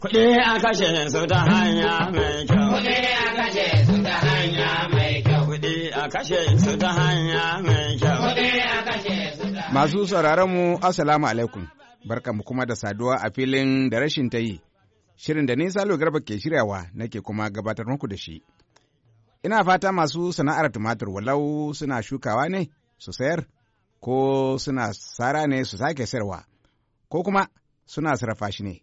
Kuɗi a kashe su ta hanya mai kyau. Kuɗi a kashe su ta hanya mai kyau. Kuɗi a kashe su ta hanya mai kyau. Kuɗi a kashe su ta Masu sauraron mu Assalamu alaikum. mu kuma da saduwa a filin da rashin ta yi. Shirin da nisa Salo Garba ke shiryawa nake kuma gabatar muku da shi. Ina fata masu sana'ar tumatur walau suna shukawa ne su sayar ko suna sara ne su sake sayarwa ko kuma suna sarrafa shi ne.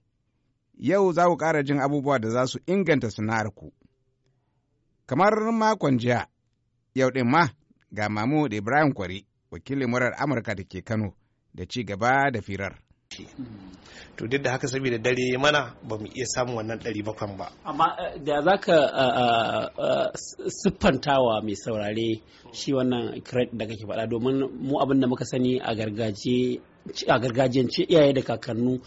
yau za ku ƙara jin abubuwa da za su inganta sana'arku. Kamar makon jiya, yau ɗin ma ga Mamu da Ibrahim Kwari, wakilin murar Amurka da ke Kano, da ci gaba da firar. to duk da haka saboda dare mana ba mu iya samun wannan ɗari bakwan ba amma eh, da za ka eh, eh, siffantawa mai saurare shi wannan kiran da kake faɗa domin mu abin da muka sani a gargajiyance iyaye da kakannu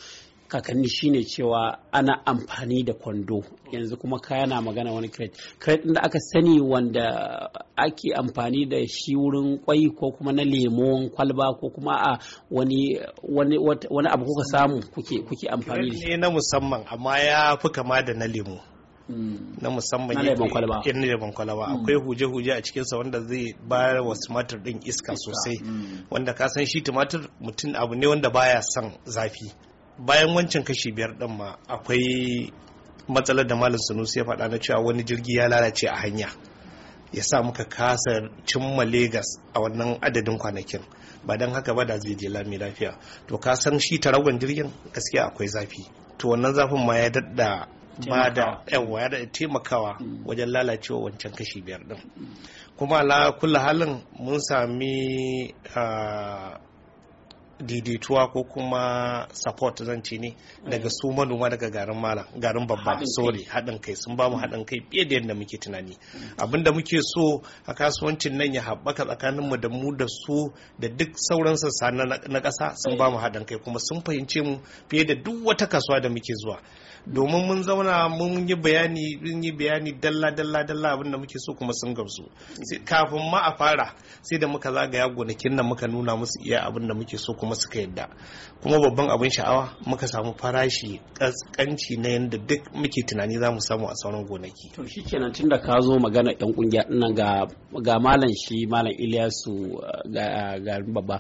kakanni shine cewa ana amfani da kwando yanzu kuma kaya na magana wani crate crate da aka sani wanda ake amfani da shi wurin kwai ko kuma na lemon kwalba ko kuma a wani wani wani abu kuka samu kuke kuke amfani da shi na musamman amma ya fi kama da na lemo hmm. na musamman yake na lemon kwalaba hmm. akwai huje-huje a cikinsa wanda zai bayar wa tumatir din iska sosai hmm. wanda ka san shi tumatir mutum abu ne wanda baya son zafi bayan wancan kashi biyar din ma akwai matsalar da malam sanusi ya faɗa na cewa wani jirgi ya lalace a hanya ya sa muka kasa cimma Legas a wannan adadin kwanakin ba don haka ba da zai je lami lafiya to ka san shi taragon jirgin gaskiya akwai zafi to wannan zafin ma ya dadda ba da yawa ya taimakawa mm. wajen lalacewa wancan kashi biyar din kuma ala kulla halin mun sami ah, daidaituwa ko kuma support zan ce ne daga su manoma daga garin mala garin babba sorry haɗin kai sun bamu mm. haɗin kai fiye da yadda muke tunani mm. abinda muke so a kasuwancin nan ya haɓaka tsakanin mu da mu da su da duk sauran sassa na ƙasa sun eh. bamu haɗin kai kuma sun fahimce mu fiye da duk wata kasuwa da muke zuwa domin mun zauna mun yi bayani mun yi bayani dalla dalla dalla abinda muke so kuma sun gamsu mm. kafin ma a fara sai da muka zagaya gonakin nan muka nuna musu iya abinda muke so kuma suka yadda kuma babban abin sha'awa muka samu farashi kaskanci na yadda duk muke tunani za mu samu a sauran gonaki to shi tun tunda ka zo magana yan kungiya dinnan ga malam shi malam Ilyasu ga babba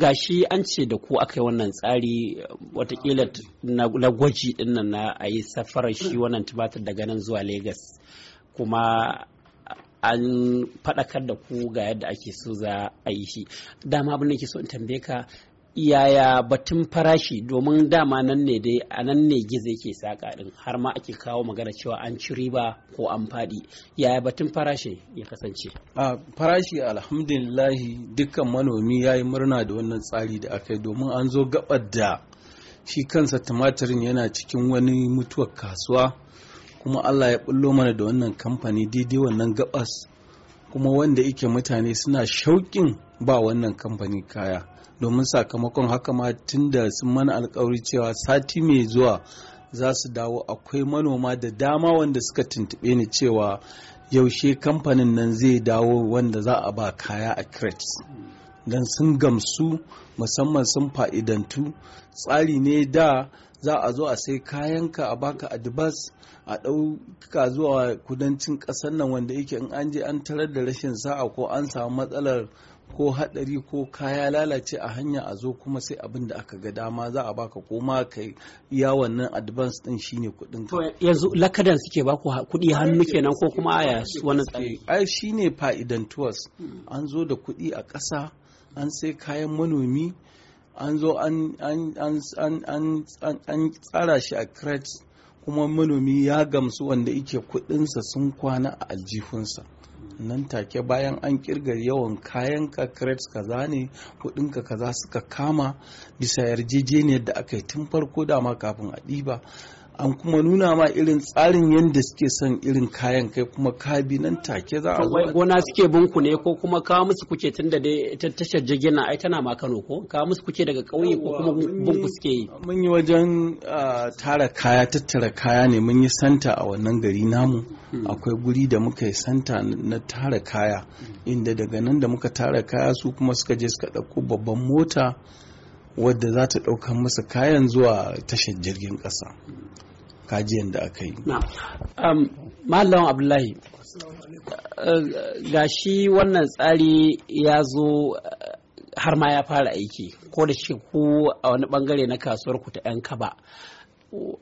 ga shi an ce da ku aka yi wannan tsari watakila na gwaji dinnan na a yi safarar shi wannan tumatir daga nan zuwa Legas kuma an faɗakar da ku ga yadda ake so za a yi shi dama abin da ke so in tambaye ka yaya batun farashi domin dama nan ne dai a nan ne gizo yake saƙa ɗin har ma ake kawo magana cewa an ci riba ko an faɗi yaya batun farashi ya kasance a farashi alhamdulillahi dukkan manomi ya yi murna da wannan tsari da aka yi domin an zo gabar da shi kansa tumatirin yana cikin wani mutuwar kasuwa kuma Allah ya bullo mana da wannan kamfani daidai wannan gabas kuma wanda yake mutane suna shauƙin ba wannan kamfani kaya domin sakamakon haka ma tunda sun mana alkawari cewa sati mai zuwa za su dawo akwai manoma da dama wanda suka tuntube ni cewa yaushe kamfanin nan zai dawo wanda za a ba kaya a crates Dan sun gamsu musamman sun fa'idantu tsari ne da za a zo a sai ka a baka adibas a ɗauka zuwa kudancin ƙasar nan wanda yake in an je an tarar da rashin sa'a ko an samu matsalar ko haɗari ko kaya lalace a hanya a zo kuma sai abin da aka ga dama za a baka ko ma ka iya wannan advance din shine kuɗin ka yanzu lakadan suke baku kuɗi hannu kenan ko kuma aya wani tsari eh, ai shine fa'idan tours hmm. an zo da kuɗi a ƙasa an sai kayan manomi an zo an tsara shi a crates kuma manomi ya gamsu wanda ike kudinsa sun kwana a aljihunsa nan take bayan an kirga yawan kayan ka crates kaza ne kudinka kaza suka kama bisa yarjejeniyar da aka yi tun farko dama kafin a ɗiba an kuma nuna ma irin tsarin yadda suke son irin kayan kai kuma kabi nan take za a zo gona suke bunku ne ko kuma ka musu kuke da dai ta tashar jirgin ai tana ma Kano ko ka musu kuke daga kauye ko kuma bunku suke yi mun yi wajen tara kaya tattara kaya ne mun yi santa a wannan gari namu hmm. akwai guri da muka yi santa na tara kaya inda daga nan da muka tara kaya su kuma suka je suka ɗauko babban mota wadda za ta ɗaukar masa kayan zuwa tashar jirgin ƙasa kajiyan da aka yi. Um, Malam Abdullahi, uh, ga shi wannan tsari ya zo uh, har ma ya fara aiki ko da shi ku a wani bangare na kasuwar ku ta 'yan kaba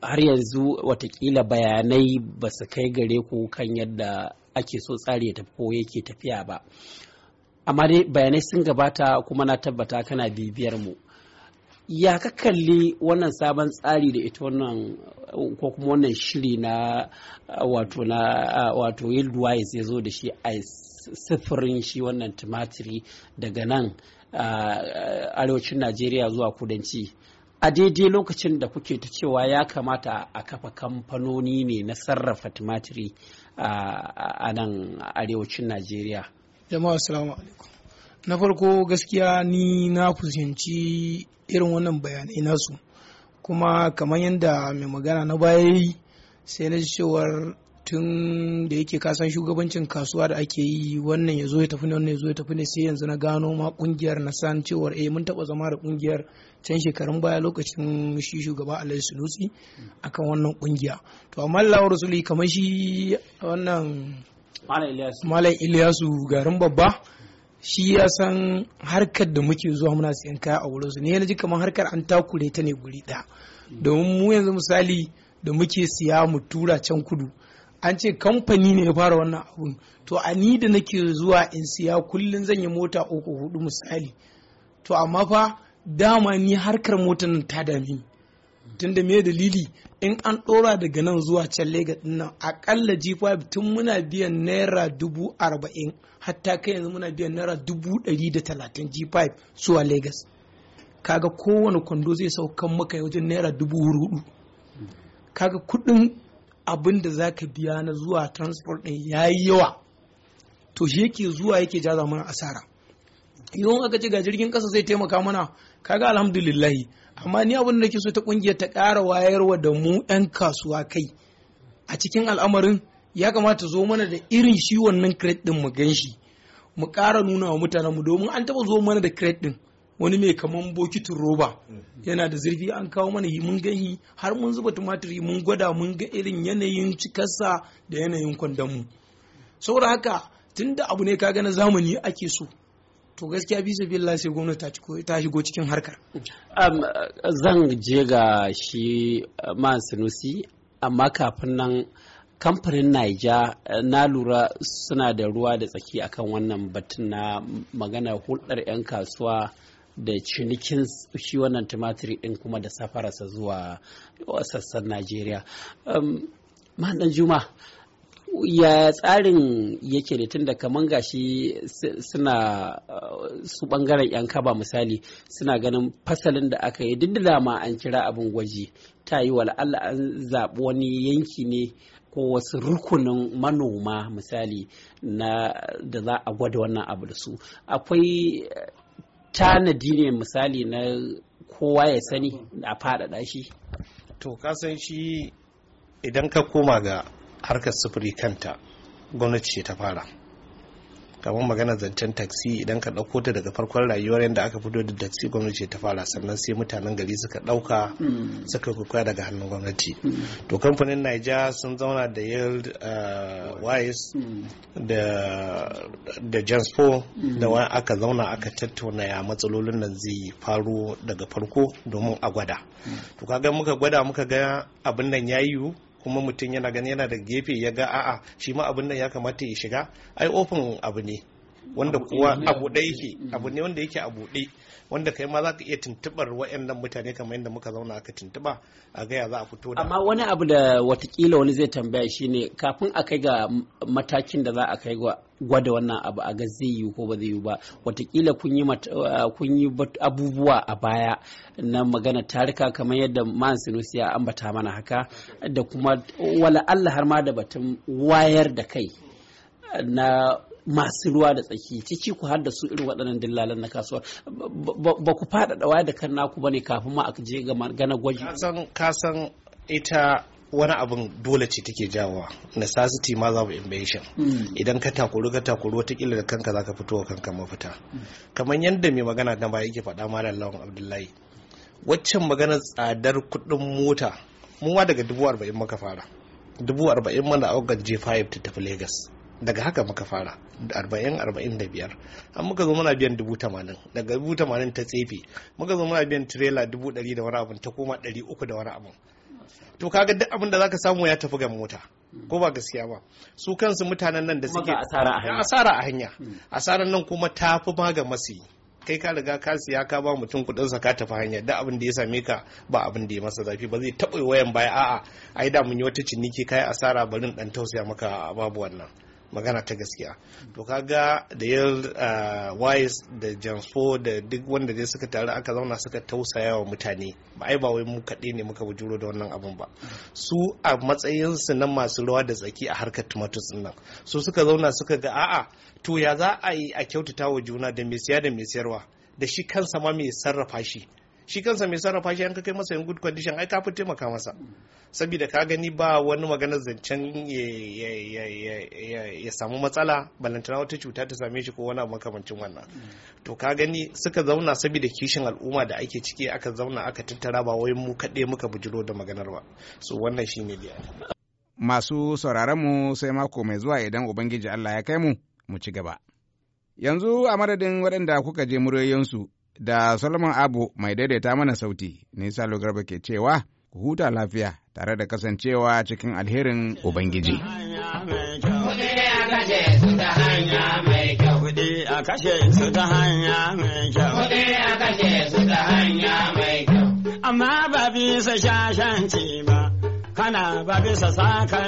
har yanzu watakila bayanai ba su kai gare ku kan yadda ake so tsari ya tafi ko yake tafiya ba amma dai bayanai sun gabata kuma na tabbata kana bibiyar mu ya ka kalli wannan sabon tsari da ita wannan ko kuma wannan shiri na wato na wato ya zo da shi a sifirin shi wannan tumatiri daga nan arewacin najeriya zuwa kudanci a daidai lokacin da kuke ta cewa ya kamata a kafa kamfanoni ne na sarrafa tumatiri a nan arewacin najeriya jama'a alaikum na farko gaskiya ni na fuskanci irin wannan bayanai nasu kuma kamar yadda mai magana na baya yi sai na cewar tun da yake kasan shugabancin kasuwa da ake yi wannan ya zo ya tafi ne wannan ya zo ya tafi ne sai yanzu na gano ma kungiyar na san cewar eh mun taba zama da kungiyar can shekarun baya lokacin shi shugaba Alhaji Sunusi akan wannan kungiya to amma Allah rasuli kamar shi wannan Malam Ilyasu garin babba shi ya san harkar da muke zuwa muna siyan kaya a wurinsu ne yana ji kamar harkar an takure ta ne guri ɗaya domin mu yanzu misali da muke siya mu tura can kudu an ce kamfani ne ya fara wannan abun to a ni da nake zuwa in siya kullum zan yi mota uku hudu misali to amma fa dama ni harkar motar nan ta dame ni tunda me dalili in an ɗora daga nan zuwa can Legas ɗin nan akalla G5 tun muna biyan naira dubu arba'in hatta kai yanzu muna biyan naira dubu ɗari da talatin G5 zuwa Legas. Kaga kowane kwando zai saukan maka wajen naira dubu hudu. Kaga kuɗin abin da za ka biya na zuwa transport ɗin ya yi yawa. To shi yake zuwa yake jaza mana asara. yiwon aka ce ga jirgin kasa zai taimaka mana kaga alhamdulillahi amma ni abin da nake so ta kungiyar ta ƙara wayarwa da mu 'yan kasuwa kai a cikin al'amarin ya kamata zo mana da irin shi wannan crate din mu gan shi mu ƙara nuna wa mutanen mu domin an taɓa zo mana da crate din wani mai kaman bokitin roba mm-hmm. yana da zurfi an kawo mana mun gani har mun zuba tumatiri mun gwada mun ga irin yanayin cikarsa da yanayin kwandon mu saboda haka tunda abu ne kaga na zamani ake so to gaskiya bisa billah sai gwamnati ta shigo cikin harkar zan je ga shi eh, man sinusi amma kafin nan kamfanin naija eh, na lura suna da ruwa da tsaki akan wannan batun na magana hulɗar 'yan kasuwa da cinikin shi wannan tumatiri ɗin kuma da safararsa zuwa sassan najeriya um, juma ya tsarin yake da tunda kaman gashi suna uh, su bangaren yan kaba misali suna ganin fasalin da aka yi duk da ma an kira abin gwaji ta yi wal'alla an zaɓi wani yanki ne ko wasu rukunin manoma misali na da za a gwada wannan abu da su akwai tanadi ne misali na kowa ya sani a faɗaɗa shi to san shi idan ka koma ga harkar sufuri kanta gwamnati ce ta fara kamar magana zancen taksi idan ka ɗauko ta daga farkon rayuwar yadda aka fito da taksi gwamnati ta fara sannan sai mutanen gari suka ɗauka hmm. suka kuka daga hannun gwamnati hmm. to kamfanin naija sun zauna da yield wise uh, hmm. da janspo da wani aka zauna aka tattauna ya matsalolin nan zai faro daga farko domin a gwada to kaga muka gwada muka ga abin nan ya yiwu kuma mutum yana gani yana da gefe ya ga a'a shi ma abin nan ya kamata ya shiga ai ofin abu ne wanda kuwa abu ɗaya yake abu ne wanda yake a buɗe wanda kai ma za ka iya tuntubar waɗannan mutane kamar yadda muka zauna aka tuntuba a gaya za a fito da amma wani abu da watakila wani zai tambaya shine kafin a kai ga matakin da za a kai ga gwada wannan abu a ga zai yi ko ba zai yi ba watakila kun yi uh, abubuwa a baya na magana tarika kamar yadda man sinusi ya ambata mana haka da kuma wala Allah har ma da batun wayar da kai na masu ruwa da tsaki ciki ku har da su irin waɗannan dillalan na kasuwar ba ku faɗaɗa waya da kan naku bane kafin ma aka je ga magana gwaji ka san ita wani abin dole ce take jawowa necessity ma za invasion hmm. idan ka takuru ka takuru kila da kanka za fito wa kanka mafita hmm. kamar yadda mai magana na baya yake faɗa malam lawan abdullahi waccan magana tsadar kuɗin mota mun wa daga dubu arba'in maka fara dubu arba'in mana a je 5 ta tafi lagos daga haka muka fara 40-45 an muka zo muna biyan 80,000 daga 80,000 ta tsefe muka zo muna biyan tirela 100,000 da wani abin ta koma 300 da wani abin to kaga duk abin da zaka samu ya tafi ga mota ko ba gaskiya ba su kansu mutanen nan da suke asara a hanya asara hmm. nan kuma ta fi ma ga masiyi kai ka riga ka siya ka ba mutum kudin sa ka tafi hanya duk abin da ya same ka ba abin da ya masa zafi ba zai taɓa wayan baya a'a ai da mun yi wata ciniki kai asara barin dan tausaya maka babu wannan magana ta gaskiya to kaga da ya ah, wise da jansfo da duk wanda dai suka taru aka zauna suka tausaya wa mutane ba ai ba wai mu kaɗai ne muka bujuro da wannan abun ba su a matsayinsu na masu rawa da tsaki a harkar tumatus nan su suka zauna suka ga a'a to ya za a yi a kyautata wa juna da mai siya da mai siyarwa da shi kansa ma mai sarrafa shi shi kansa mai sarrafa shi an kai masa yin good condition ai ka fi taimaka masa saboda ka gani ba wani maganar zancen ya samu matsala balantana wata cuta ta same shi ko wani abu makamancin wannan to ka gani suka zauna saboda kishin al'umma da ake ciki aka zauna aka tattara ba wai mu kaɗai muka bujiro da maganar ba so wannan ne dai masu sauraronmu sai mako mai zuwa idan ubangiji Allah ya kai mu mu ci gaba yanzu a madadin waɗanda kuka je muryoyinsu da Solomon Abu mai daidaita mana sauti, Nisa Lugarba ke cewa ku huta lafiya tare da kasancewa cikin alherin Ubangiji. Kuɗi a kashe Amma ba bisa shashanci ba, kana ba bisa sakan